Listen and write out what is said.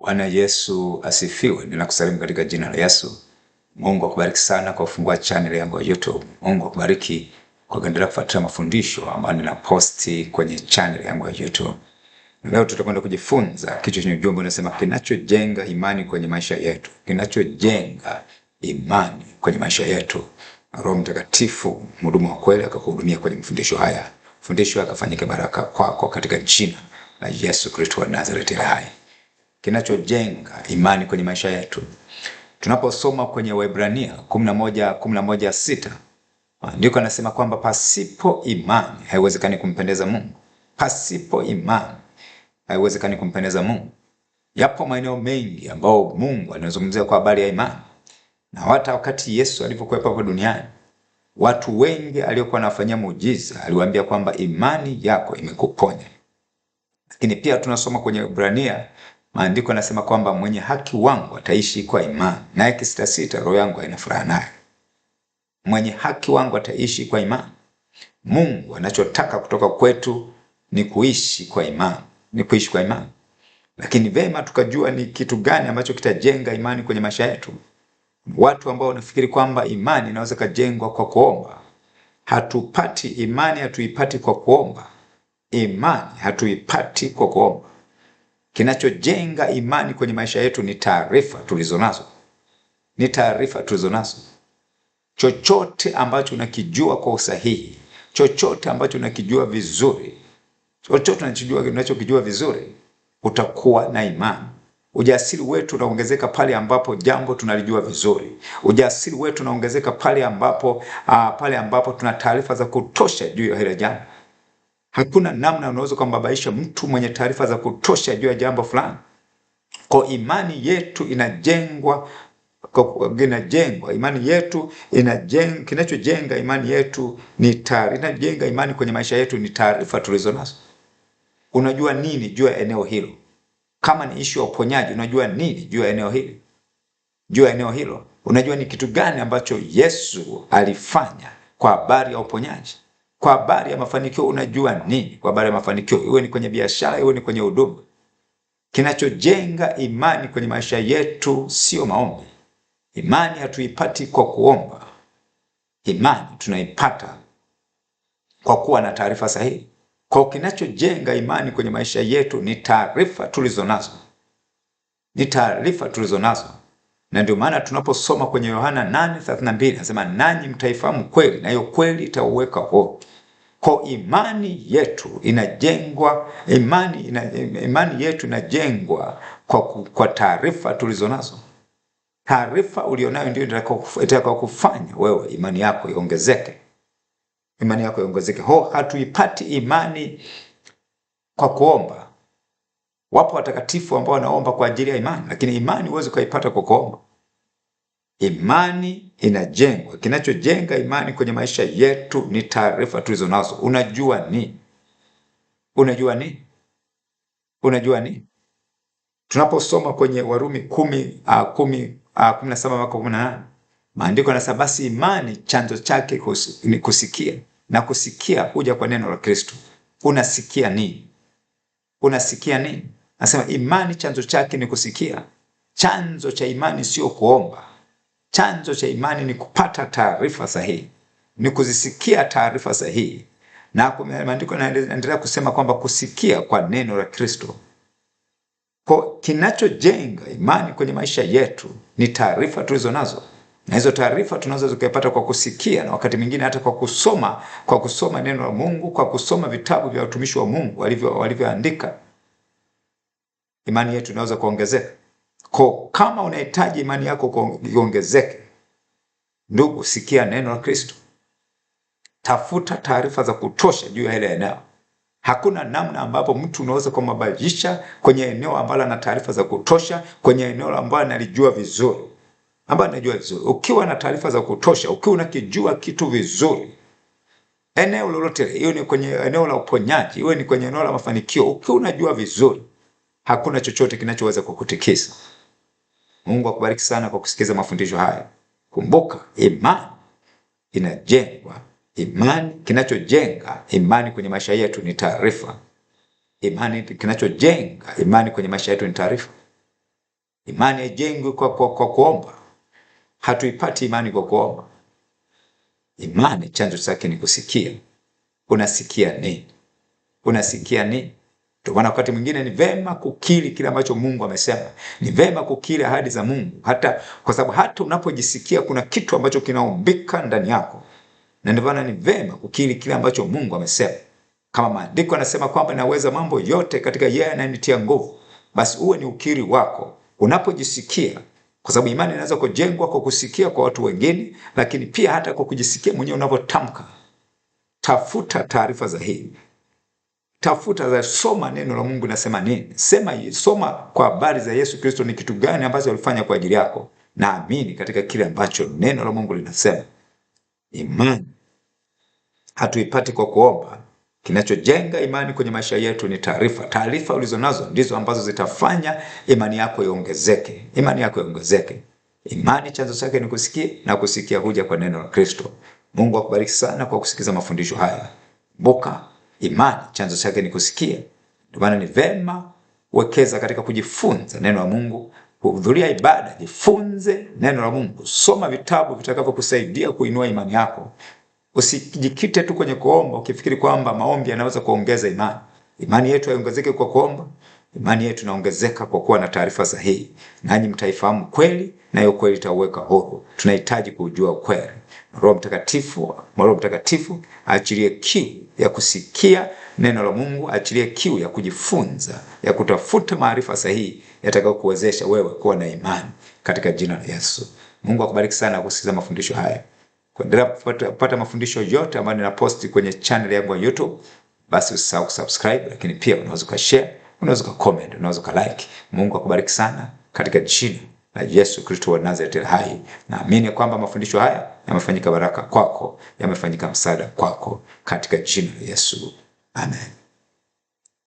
Bwana Yesu asifiwe. Ninakusalimu katika jina la Yesu. Mungu akubariki sana kwa kufungua channel yangu ya YouTube. Mungu akubariki kwa kuendelea kufuatilia mafundisho ambayo ninaposti kwenye channel yangu ya YouTube. Leo tutakwenda kujifunza kichwa chenye ujumbe unasema kinachojenga imani kwenye maisha yetu. Kinachojenga imani kwenye maisha yetu. Roho Mtakatifu mhudumu wa kweli akakuhudumia kwenye mafundisho haya. Fundisho akafanyike baraka kwako katika jina la Yesu Kristo wa Nazareti hai kinachojenga imani kwenye maisha yetu. Tunaposoma kwenye Waebrania 11:6 maandiko anasema kwamba pasipo imani haiwezekani kumpendeza Mungu. Pasipo imani haiwezekani kumpendeza Mungu. Yapo maeneo mengi ambayo Mungu anazungumzia kwa habari ya imani, na hata wakati Yesu alipokuwepo hapa duniani, watu wengi aliokuwa anafanyia muujiza aliwaambia kwamba imani yako imekuponya. Lakini pia tunasoma kwenye Ibrania Maandiko yanasema kwamba mwenye haki wangu ataishi kwa imani, naye sita roho yangu haina furaha naye. Mwenye haki wangu ataishi kwa imani. Mungu anachotaka kutoka kwetu ni kuishi kwa imani, ni kuishi kwa imani, lakini vema tukajua ni kitu gani ambacho kitajenga imani kwenye maisha yetu. Watu ambao wanafikiri kwamba imani inaweza kujengwa kwa kuomba, hatupati imani, hatuipati kwa kuomba. Imani hatuipati kwa kuomba. Kinachojenga imani kwenye maisha yetu ni taarifa tulizonazo, ni taarifa tulizonazo. Chochote ambacho unakijua kwa usahihi, chochote ambacho unakijua vizuri, chochote unachokijua vizuri, utakuwa na imani. Ujasiri wetu unaongezeka pale ambapo jambo tunalijua vizuri. Ujasiri wetu unaongezeka pale ambapo, uh, pale ambapo tuna taarifa za kutosha juu ya hilo jambo. Hakuna namna unaweza kumbabaisha mtu mwenye taarifa za kutosha juu ya jambo fulani. Kwa imani yetu inajengwa inajengwa imani yetu inajeng, kinachojenga imani yetu ni tar, inajenga imani kwenye maisha yetu ni taarifa tulizo nazo. Unajua nini juu ya eneo hilo? Kama ni ishu ya uponyaji, unajua nini juu ya eneo hili? Juu ya eneo hilo unajua ni kitu gani ambacho Yesu alifanya kwa habari ya uponyaji? Kwa habari ya mafanikio unajua nini? Kwa habari ya mafanikio, iwe ni kwenye biashara, iwe ni kwenye huduma. Kinachojenga imani kwenye maisha yetu sio maombi. Imani hatuipati kwa kuomba, imani tunaipata kwa kuwa na taarifa sahihi. Kwa kinachojenga imani kwenye maisha yetu ni taarifa tulizo nazo, ni taarifa tulizo nazo. Na ndio maana tunaposoma kwenye Yohana 8:32 anasema nanyi mtaifahamu kweli, na hiyo kweli itauweka huru. Kwa imani yetu inajengwa imani, ina, imani yetu inajengwa kwa, kwa taarifa tulizo nazo. Taarifa ulionayo ndio itakao kufanya wewe imani yako iongezeke, imani yako iongezeke. Ho, hatuipati imani kwa kuomba. Wapo watakatifu ambao wanaomba kwa ajili ya imani, lakini imani huwezi ukaipata kwa kuomba. Imani inajengwa. Kinachojenga imani kwenye maisha yetu ni taarifa tulizo nazo. Unajua ni unajua ni unajua ni tunaposoma kwenye Warumi kumi ah, ah, kumi na saba mpaka kumi na nane maandiko yanasema basi imani chanzo chake ni kusikia na kusikia huja kwa neno la Kristo. Unasikia nini? Unasikia nini? Anasema imani chanzo chake ni kusikia. Chanzo cha imani sio kuomba Chanzo cha imani ni kupata taarifa sahihi, ni kuzisikia taarifa sahihi, na maandiko yanaendelea kusema kwamba kusikia kwa neno la Kristo. Kwa kinachojenga imani kwenye maisha yetu ni taarifa tulizo nazo, na hizo taarifa tunaweza zikapata kwa kusikia, na wakati mwingine hata kwa kusoma, kwa kusoma neno la Mungu, kwa kusoma vitabu vya watumishi wa Mungu walivyoandika, imani yetu inaweza kuongezeka. Ko, kama unahitaji imani yako iongezeke, ndugu, sikia neno la Kristo, tafuta taarifa za kutosha juu ya ile eneo. Hakuna namna ambapo mtu unaweza kumabadilisha kwenye eneo ambalo ana taarifa za kutosha, kwenye eneo ambalo analijua vizuri, ambalo anajua vizuri. Ukiwa na taarifa za kutosha, ukiwa unakijua kitu vizuri, eneo lolote, hiyo ni kwenye eneo la uponyaji, iwe ni kwenye eneo la mafanikio, ukiwa unajua vizuri, hakuna chochote kinachoweza kukutikisa. Mungu akubariki sana kwa kusikiza mafundisho haya. Kumbuka, imani inajengwa imani, kinachojenga imani kwenye maisha yetu ni taarifa. Imani kinachojenga imani kwenye maisha yetu ni taarifa. Imani haijengwi kwa, kwa, kwa kuomba. Hatuipati imani kwa kuomba. Imani chanzo chake ni kusikia. Unasikia nini? Unasikia nini? Ndio maana wakati mwingine ni vema kukiri kile ambacho Mungu amesema, ni vema kukiri ahadi za Mungu, hata kwa sababu hata unapojisikia kuna kitu ambacho kinaumbika ndani yako, na ndio maana ni vema kukiri kile ambacho Mungu amesema. Kama maandiko yanasema kwamba naweza mambo yote katika yeye anayenitia nguvu, basi uwe ni ukiri wako unapojisikia kwa sababu imani inaweza kujengwa kwa kusikia kwa watu wengine, lakini pia hata kwa kujisikia mwenyewe unapotamka. Tafuta taarifa za hii tafuta za soma neno la Mungu nasema nini, sema soma kwa habari za Yesu Kristo, ni kitu gani ambacho alifanya kwa ajili yako, naamini katika kile ambacho neno la Mungu linasema. Imani hatuipati kwa kuomba. Kinachojenga imani kwenye maisha yetu ni taarifa. Taarifa ulizonazo ndizo ambazo zitafanya imani yako iongezeke, imani yako iongezeke. Imani chanzo chake ni kusikia, na kusikia huja kwa neno la Kristo. Mungu akubariki sana kwa kusikiza mafundisho haya. Kumbuka Imani chanzo chake ni kusikia. Ndio maana ni vema wekeza katika kujifunza neno la Mungu, kuhudhuria ibada, jifunze neno la Mungu, soma vitabu vitakavyokusaidia kuinua imani yako. Usijikite tu kwenye kuomba ukifikiri kwamba maombi yanaweza kuongeza imani. Imani yetu haiongezeki kwa kuomba, Imani yetu inaongezeka kwa kuwa na taarifa sahihi, nanyi mtaifahamu kweli, na hiyo kweli itaweka huru. Tunahitaji kujua kweli. Roho Mtakatifu, Roho Mtakatifu aachilie kiu ya kusikia neno la Mungu, aachilie kiu ya kujifunza, ya kutafuta maarifa sahihi yatakayokuwezesha wewe kuwa na imani katika jina la Yesu. Mungu akubariki sana kusikiza mafundisho haya. Kuendelea kupata mafundisho yote ambayo ninaposti kwenye channel yangu ya YouTube, basi usisahau kusubscribe, lakini pia unaweza kushare unaweza ukacomment, unaweza ukalike. Mungu akubariki sana katika jina la Yesu Kristo wa Nazareti hai. Naamini ya kwamba mafundisho haya yamefanyika baraka kwako, yamefanyika msaada kwako katika jina la Yesu, amen.